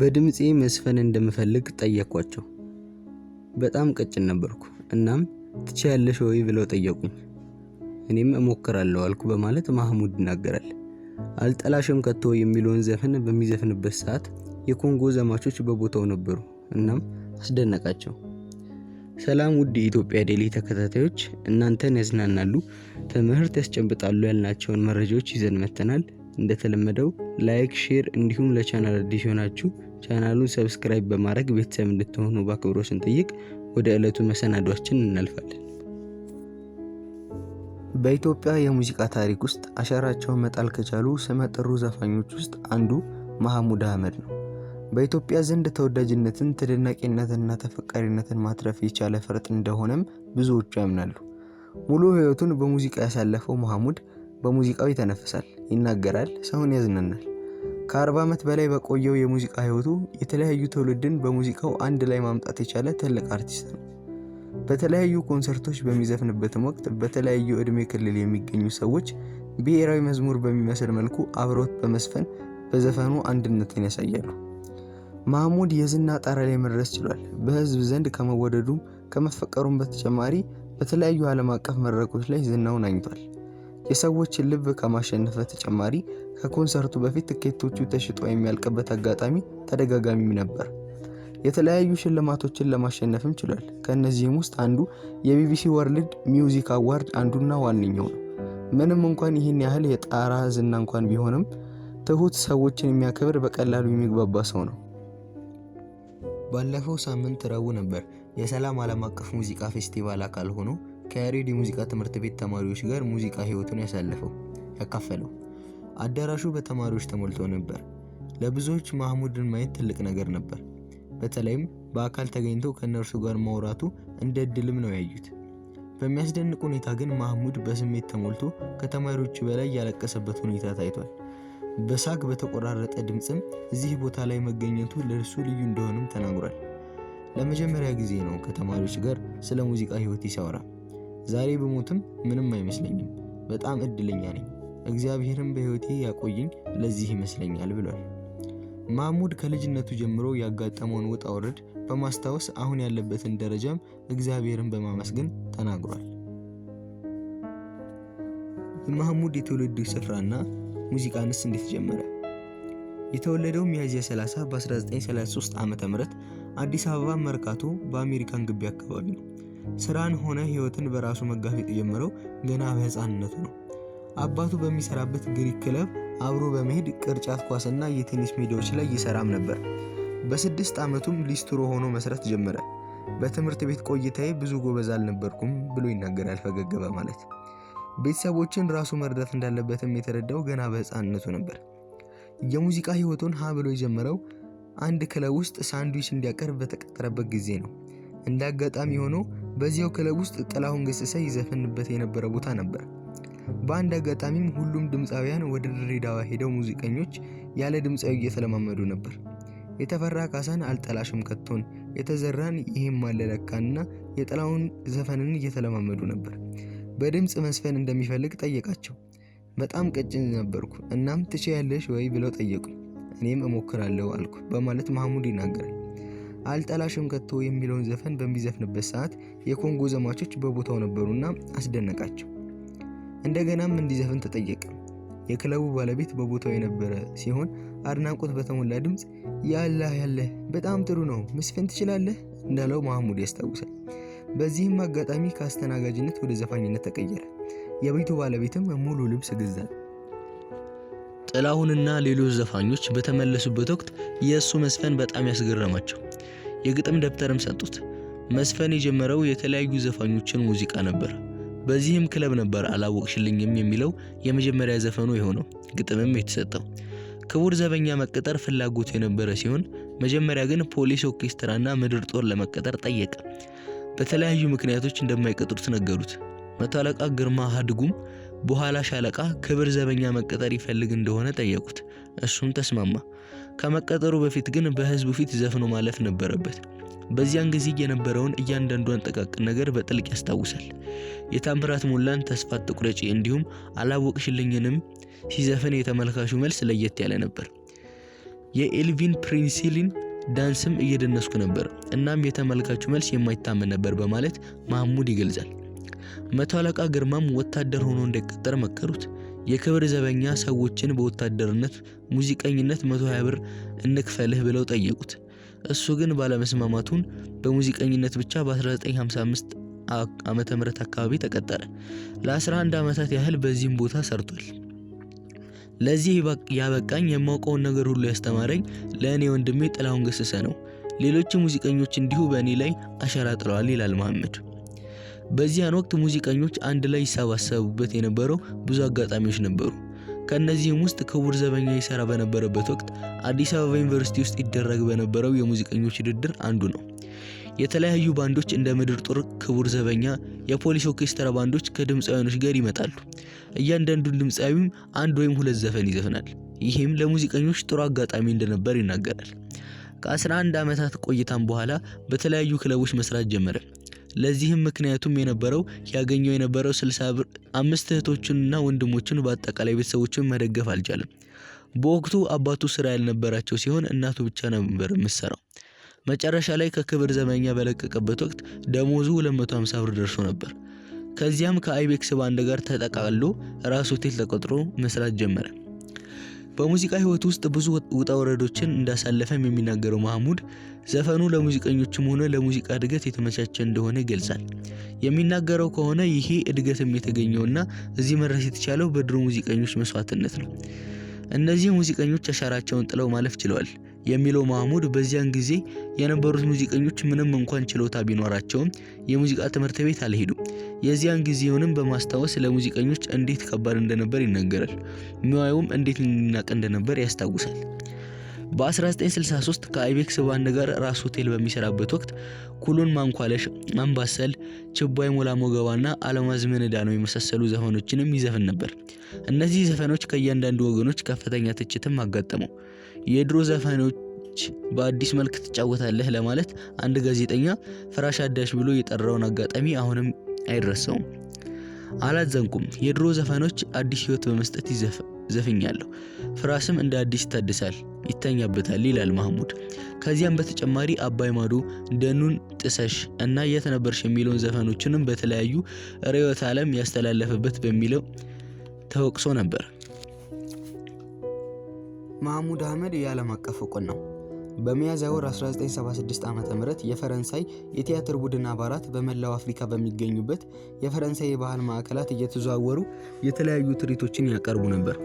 በድምፄ መስፈን እንደምፈልግ ጠየኳቸው። በጣም ቀጭን ነበርኩ። እናም ትችያለሽ ወይ ብለው ጠየቁኝ። እኔም እሞክራለሁ አልኩ በማለት ማህሙድ ይናገራል። አልጠላሽም ከቶ የሚለውን ዘፈን በሚዘፍንበት ሰዓት የኮንጎ ዘማቾች በቦታው ነበሩ። እናም አስደነቃቸው። ሰላም ውድ የኢትዮጵያ ዴሊ ተከታታዮች፣ እናንተን ያዝናናሉ፣ ትምህርት ያስጨብጣሉ ያልናቸውን መረጃዎች ይዘን መጥተናል። እንደተለመደው ላይክ፣ ሼር እንዲሁም ለቻናል አዲስ ሆናችሁ ቻናሉን ሰብስክራይብ በማድረግ ቤተሰብ እንድትሆኑ በአክብሮት ስንጠይቅ ወደ ዕለቱ መሰናዷችን እናልፋለን። በኢትዮጵያ የሙዚቃ ታሪክ ውስጥ አሻራቸውን መጣል ከቻሉ ስመጥሩ ዘፋኞች ውስጥ አንዱ መሐሙድ አህመድ ነው። በኢትዮጵያ ዘንድ ተወዳጅነትን ተደናቂነትንና ተፈቃሪነትን ማትረፍ የቻለ ፈርጥ እንደሆነም ብዙዎቹ ያምናሉ። ሙሉ ሕይወቱን በሙዚቃ ያሳለፈው መሐሙድ በሙዚቃው ይተነፍሳል። ይናገራል፣ ሰውን ያዝናናል። ከአርባ ዓመት በላይ በቆየው የሙዚቃ ህይወቱ የተለያዩ ትውልድን በሙዚቃው አንድ ላይ ማምጣት የቻለ ትልቅ አርቲስት ነው። በተለያዩ ኮንሰርቶች በሚዘፍንበትም ወቅት በተለያዩ ዕድሜ ክልል የሚገኙ ሰዎች ብሔራዊ መዝሙር በሚመስል መልኩ አብሮት በመስፈን በዘፈኑ አንድነትን ያሳያሉ። ማህሙድ የዝና ጣራ ላይ መድረስ ችሏል። በህዝብ ዘንድ ከመወደዱም ከመፈቀሩም በተጨማሪ በተለያዩ ዓለም አቀፍ መድረኮች ላይ ዝናውን አግኝቷል። የሰዎችን ልብ ከማሸነፍ በተጨማሪ ከኮንሰርቱ በፊት ትኬቶቹ ተሽጦ የሚያልቅበት አጋጣሚ ተደጋጋሚም ነበር። የተለያዩ ሽልማቶችን ለማሸነፍም ችሏል። ከእነዚህም ውስጥ አንዱ የቢቢሲ ወርልድ ሚውዚክ አዋርድ አንዱና ዋነኛው ነው። ምንም እንኳን ይህን ያህል የጣራ ዝና እንኳን ቢሆንም ትሁት ሰዎችን የሚያከብር በቀላሉ የሚግባባ ሰው ነው። ባለፈው ሳምንት ረቡዕ ነበር የሰላም ዓለም አቀፍ ሙዚቃ ፌስቲቫል አካል ሆኖ ከያሬድ የሙዚቃ ትምህርት ቤት ተማሪዎች ጋር ሙዚቃ ህይወቱን ያሳለፈው ያካፈለው። አዳራሹ በተማሪዎች ተሞልቶ ነበር። ለብዙዎች ማህሙድን ማየት ትልቅ ነገር ነበር። በተለይም በአካል ተገኝቶ ከእነርሱ ጋር ማውራቱ እንደ እድልም ነው ያዩት። በሚያስደንቅ ሁኔታ ግን ማህሙድ በስሜት ተሞልቶ ከተማሪዎቹ በላይ ያለቀሰበት ሁኔታ ታይቷል። በሳቅ በተቆራረጠ ድምፅም እዚህ ቦታ ላይ መገኘቱ ለእርሱ ልዩ እንደሆነም ተናግሯል። ለመጀመሪያ ጊዜ ነው ከተማሪዎች ጋር ስለ ሙዚቃ ህይወት ይሰውራል። ዛሬ ብሞትም ምንም አይመስለኝም። በጣም እድለኛ ነኝ። እግዚአብሔርም በሕይወቴ ያቆየኝ ለዚህ ይመስለኛል ብሏል። ማሙድ ከልጅነቱ ጀምሮ ያጋጠመውን ውጣ ውረድ በማስታወስ አሁን ያለበትን ደረጃም እግዚአብሔርን በማመስገን ተናግሯል። የማህሙድ የትውልድ ስፍራና ሙዚቃንስ እንዴት ጀመረ? የተወለደው ሚያዝያ 30 በ1933 ዓ.ም አዲስ አበባ መርካቶ በአሜሪካን ግቢ አካባቢ ነው። ስራን ሆነ ህይወትን በራሱ መጋፈጥ የጀመረው ገና በህፃንነቱ ነው። አባቱ በሚሰራበት ግሪክ ክለብ አብሮ በመሄድ ቅርጫት ኳስና የቴኒስ ሜዳዎች ላይ ይሰራም ነበር። በስድስት ዓመቱም ሊስትሮ ሆኖ መስራት ጀመረ። በትምህርት ቤት ቆይታዬ ብዙ ጎበዝ አልነበርኩም ብሎ ይናገራል ፈገግ በማለት። ቤተሰቦችን ራሱ መርዳት እንዳለበትም የተረዳው ገና በህፃንነቱ ነበር። የሙዚቃ ህይወቱን ሀ ብሎ የጀመረው አንድ ክለብ ውስጥ ሳንድዊች እንዲያቀርብ በተቀጠረበት ጊዜ ነው። እንደ አጋጣሚ ሆኖ በዚያው ክለብ ውስጥ ጥላሁን ገሰሰ ይዘፍንበት የነበረ ቦታ ነበር። በአንድ አጋጣሚም ሁሉም ድምፃውያን ወደ ድሬዳዋ ሄደው ሙዚቀኞች ያለ ድምፃዊ እየተለማመዱ ነበር። የተፈራ ካሳን አልጠላሽም ከቶን፣ የተዘራን ይህም አለለካንና የጥላሁን ዘፈንን እየተለማመዱ ነበር። በድምፅ መስፈን እንደሚፈልግ ጠየቃቸው። በጣም ቀጭን ነበርኩ፣ እናም ትችያለሽ ወይ ብለው ጠየቁኝ። እኔም እሞክራለሁ አልኩ በማለት ማሙድ ይናገራል። አልጠላሽም ከቶ የሚለውን ዘፈን በሚዘፍንበት ሰዓት የኮንጎ ዘማቾች በቦታው ነበሩና አስደነቃቸው። እንደገናም እንዲዘፍን ተጠየቀ። የክለቡ ባለቤት በቦታው የነበረ ሲሆን አድናቆት በተሞላ ድምፅ ያለህ ያለህ በጣም ጥሩ ነው፣ መስፈን ትችላለህ እንዳለው ማሙድ ያስታውሳል። በዚህም አጋጣሚ ከአስተናጋጅነት ወደ ዘፋኝነት ተቀየረ። የቤቱ ባለቤትም ሙሉ ልብስ ገዛል። ጥላሁንና ሌሎች ዘፋኞች በተመለሱበት ወቅት የእሱ መስፈን በጣም ያስገረማቸው የግጥም ደብተርም ሰጡት። መስፈን የጀመረው የተለያዩ ዘፋኞችን ሙዚቃ ነበር። በዚህም ክለብ ነበር አላወቅሽልኝም የሚለው የመጀመሪያ ዘፈኑ የሆነው ግጥምም የተሰጠው። ክቡር ዘበኛ መቀጠር ፍላጎቱ የነበረ ሲሆን መጀመሪያ ግን ፖሊስ ኦርኬስትራና ምድር ጦር ለመቀጠር ጠየቀ። በተለያዩ ምክንያቶች እንደማይቀጥሩት ነገሩት። መቶ አለቃ ግርማ ሀድጉም በኋላ ሻለቃ ክብር ዘበኛ መቀጠር ይፈልግ እንደሆነ ጠየቁት። እሱም ተስማማ። ከመቀጠሩ በፊት ግን በህዝቡ ፊት ዘፍኖ ማለፍ ነበረበት። በዚያን ጊዜ የነበረውን እያንዳንዷን ጠቃቅን ነገር በጥልቅ ያስታውሳል። የታምራት ሞላን ተስፋት አትቁረጪ እንዲሁም አላወቅሽልኝንም ሲዘፍን የተመልካቹ መልስ ለየት ያለ ነበር። የኤልቪን ፕሪንሲሊን ዳንስም እየደነስኩ ነበር፣ እናም የተመልካቹ መልስ የማይታመን ነበር በማለት ማህሙድ ይገልጻል። መቶ አለቃ ግርማም ወታደር ሆኖ እንዳይቀጠር መከሩት። የክብር ዘበኛ ሰዎችን በወታደርነት ሙዚቀኝነት 120 ብር እንክፈልህ ብለው ጠየቁት። እሱ ግን ባለመስማማቱን በሙዚቀኝነት ብቻ በ1955 ዓመተ ምህረት አካባቢ ተቀጠረ። ለ11 ዓመታት ያህል በዚህም ቦታ ሰርቷል። ለዚህ ያበቃኝ የማውቀውን ነገር ሁሉ ያስተማረኝ ለእኔ ወንድሜ ጥላሁን ገሰሰ ነው። ሌሎች ሙዚቀኞች እንዲሁ በእኔ ላይ አሻራ ጥለዋል ይላል መሐመድ። በዚያን ወቅት ሙዚቀኞች አንድ ላይ ይሰባሰቡበት የነበረው ብዙ አጋጣሚዎች ነበሩ። ከእነዚህም ውስጥ ክቡር ዘበኛ ይሰራ በነበረበት ወቅት አዲስ አበባ ዩኒቨርሲቲ ውስጥ ይደረግ በነበረው የሙዚቀኞች ውድድር አንዱ ነው። የተለያዩ ባንዶች እንደ ምድር ጦር፣ ክቡር ዘበኛ፣ የፖሊስ ኦርኬስትራ ባንዶች ከድምፃውያኖች ጋር ይመጣሉ። እያንዳንዱን ድምፃዊም አንድ ወይም ሁለት ዘፈን ይዘፍናል። ይህም ለሙዚቀኞች ጥሩ አጋጣሚ እንደነበር ይናገራል። ከ11 ዓመታት ቆይታም በኋላ በተለያዩ ክለቦች መስራት ጀመረ። ለዚህም ምክንያቱም የነበረው ያገኘው የነበረው ስልሳ ብር አምስት እህቶችንና ወንድሞችን በአጠቃላይ ቤተሰቦችን መደገፍ አልቻለም። በወቅቱ አባቱ ስራ ያልነበራቸው ሲሆን እናቱ ብቻ ነበር የምትሰራው። መጨረሻ ላይ ከክብር ዘመኛ በለቀቀበት ወቅት ደሞዙ 250 ብር ደርሶ ነበር። ከዚያም ከአይቤክስ ባንድ ጋር ተጠቃሎ ራስ ሆቴል ተቆጥሮ መስራት ጀመረ። በሙዚቃ ህይወት ውስጥ ብዙ ውጣ ወረዶችን እንዳሳለፈም የሚናገረው ማህሙድ ዘፈኑ ለሙዚቀኞችም ሆነ ለሙዚቃ እድገት የተመቻቸ እንደሆነ ይገልጻል። የሚናገረው ከሆነ ይሄ እድገትም የተገኘውና እዚህ መድረስ የተቻለው በድሮ ሙዚቀኞች መስዋዕትነት ነው። እነዚህ ሙዚቀኞች አሻራቸውን ጥለው ማለፍ ችለዋል የሚለው ማህሙድ በዚያን ጊዜ የነበሩት ሙዚቀኞች ምንም እንኳን ችሎታ ቢኖራቸውም የሙዚቃ ትምህርት ቤት አልሄዱም። የዚያን ጊዜውንም በማስታወስ ለሙዚቀኞች እንዴት ከባድ እንደነበር ይናገራል። ሙያውም እንዴት ሊናቅ እንደነበር ያስታውሳል። በ1963 ከአይቤክስ ባንድ ጋር ራስ ሆቴል በሚሰራበት ወቅት ኩሎን ማንኳለሽ፣ አምባሰል፣ ችባይ ሞላ ሞገባና አልማዝ ምንዳ ነው የመሳሰሉ ዘፈኖችንም ይዘፍን ነበር። እነዚህ ዘፈኖች ከእያንዳንዱ ወገኖች ከፍተኛ ትችትም አጋጠመው። የድሮ ዘፈኖች በአዲስ መልክ ትጫወታለህ ለማለት አንድ ጋዜጠኛ ፍራሽ አዳሽ ብሎ የጠራውን አጋጣሚ አሁንም አይረሳውም። አላዘንኩም። የድሮ ዘፈኖች አዲስ ህይወት በመስጠት ዘፍኛለሁ። ፍራስም እንደ አዲስ ይታደሳል፣ ይተኛበታል ይላል ማህሙድ። ከዚያም በተጨማሪ አባይ ማዶ፣ ደኑን ጥሰሽ እና የት ነበርሽ የሚለውን ዘፈኖችንም በተለያዩ ርዕዮተ ዓለም ያስተላለፈበት በሚለው ተወቅሶ ነበር። ማህሙድ አህመድ የዓለም አቀፍ እውቅና ነው። በሚያዝያ ወር 1976 ዓ ም የፈረንሳይ የቲያትር ቡድን አባላት በመላው አፍሪካ በሚገኙበት የፈረንሳይ የባህል ማዕከላት እየተዘዋወሩ የተለያዩ ትርኢቶችን ያቀርቡ ነበር።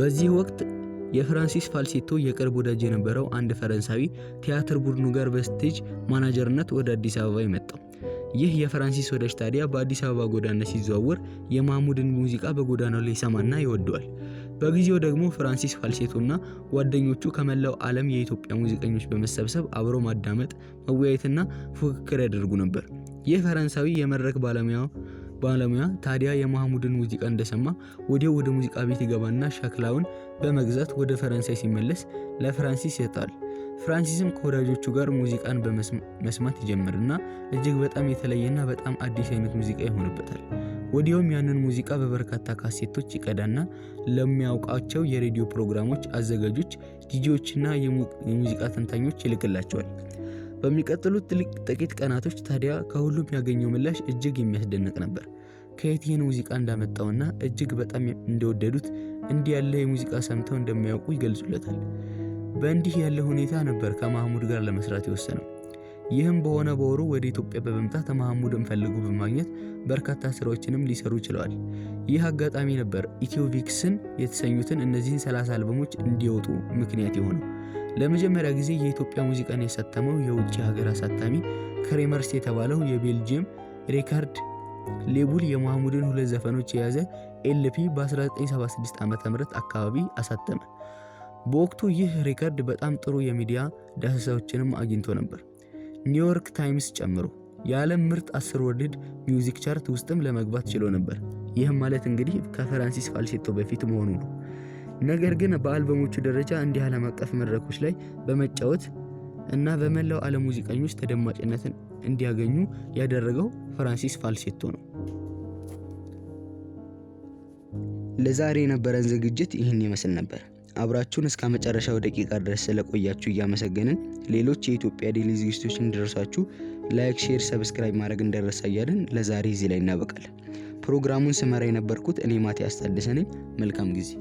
በዚህ ወቅት የፍራንሲስ ፋልሴቶ የቅርብ ወዳጅ የነበረው አንድ ፈረንሳዊ ቲያትር ቡድኑ ጋር በስቴጅ ማናጀርነት ወደ አዲስ አበባ ይመጣው። ይህ የፍራንሲስ ወዳጅ ታዲያ በአዲስ አበባ ጎዳና ሲዘዋወር የማህሙድን ሙዚቃ በጎዳናው ላይ ይሰማና ይወደዋል። በጊዜው ደግሞ ፍራንሲስ እና ጓደኞቹ ከመላው ዓለም የኢትዮጵያ ሙዚቀኞች በመሰብሰብ አብሮ ማዳመጥ፣ መወያየትና ፉክክር ያደርጉ ነበር። ይህ ፈረንሳዊ የመድረክ ባለሙያ ባለሙያ ታዲያ የማህሙድን ሙዚቃ እንደሰማ ወዲያው ወደ ሙዚቃ ቤት ይገባና ሸክላውን በመግዛት ወደ ፈረንሳይ ሲመለስ ለፍራንሲስ ይሰጣል። ፍራንሲስም ከወዳጆቹ ጋር ሙዚቃን በመስማት ይጀምርና እጅግ በጣም የተለየና በጣም አዲስ አይነት ሙዚቃ ይሆንበታል። ወዲያውም ያንን ሙዚቃ በበርካታ ካሴቶች ይቀዳና ለሚያውቃቸው የሬዲዮ ፕሮግራሞች አዘጋጆች፣ ዲጂዎችና የሙዚቃ ተንታኞች ይልክላቸዋል። በሚቀጥሉት ትልቅ ጥቂት ቀናቶች ታዲያ ከሁሉም ያገኘው ምላሽ እጅግ የሚያስደንቅ ነበር። ከየት ይህን ሙዚቃ እንዳመጣውና እጅግ በጣም እንደወደዱት እንዲህ ያለ የሙዚቃ ሰምተው እንደሚያውቁ ይገልጹለታል። በእንዲህ ያለ ሁኔታ ነበር ከማህሙድ ጋር ለመስራት የወሰነው። ይህም በሆነ በወሩ ወደ ኢትዮጵያ በመምጣት መሐሙድን ፈልጉ በማግኘት በርካታ ስራዎችንም ሊሰሩ ችለዋል። ይህ አጋጣሚ ነበር ኢትዮቪክስን የተሰኙትን እነዚህን 30 አልበሞች እንዲወጡ ምክንያት የሆነው። ለመጀመሪያ ጊዜ የኢትዮጵያ ሙዚቃን ያሳተመው የውጭ ሀገር አሳታሚ ክሬመርስ የተባለው የቤልጅየም ሪካርድ ሌቡል የመሐሙድን ሁለት ዘፈኖች የያዘ ኤልፒ በ1976 ዓ ም አካባቢ አሳተመ። በወቅቱ ይህ ሪካርድ በጣም ጥሩ የሚዲያ ዳሰሳዎችንም አግኝቶ ነበር። ኒውዮርክ ታይምስ ጨምሮ የዓለም ምርጥ አስር ወርልድ ሚውዚክ ቻርት ውስጥም ለመግባት ችሎ ነበር። ይህም ማለት እንግዲህ ከፈራንሲስ ፋልሴቶ በፊት መሆኑ ነው። ነገር ግን በአልበሞቹ ደረጃ እንዲህ ዓለም አቀፍ መድረኮች ላይ በመጫወት እና በመላው ዓለም ሙዚቀኞች ተደማጭነትን እንዲያገኙ ያደረገው ፍራንሲስ ፋልሴቶ ነው። ለዛሬ የነበረን ዝግጅት ይህን ይመስል ነበር። አብራችሁን እስከ መጨረሻው ደቂቃ ድረስ ስለቆያችሁ እያመሰገንን ሌሎች የኢትዮጵያ ዴሊ ዝግጅቶች እንዲደርሳችሁ ላይክ፣ ሼር፣ ሰብስክራይብ ማድረግ እንደረሳ እያለን ለዛሬ እዚህ ላይ እናበቃለን። ፕሮግራሙን ስመራ የነበርኩት እኔ ማቴ አስታደሰ ነኝ። መልካም ጊዜ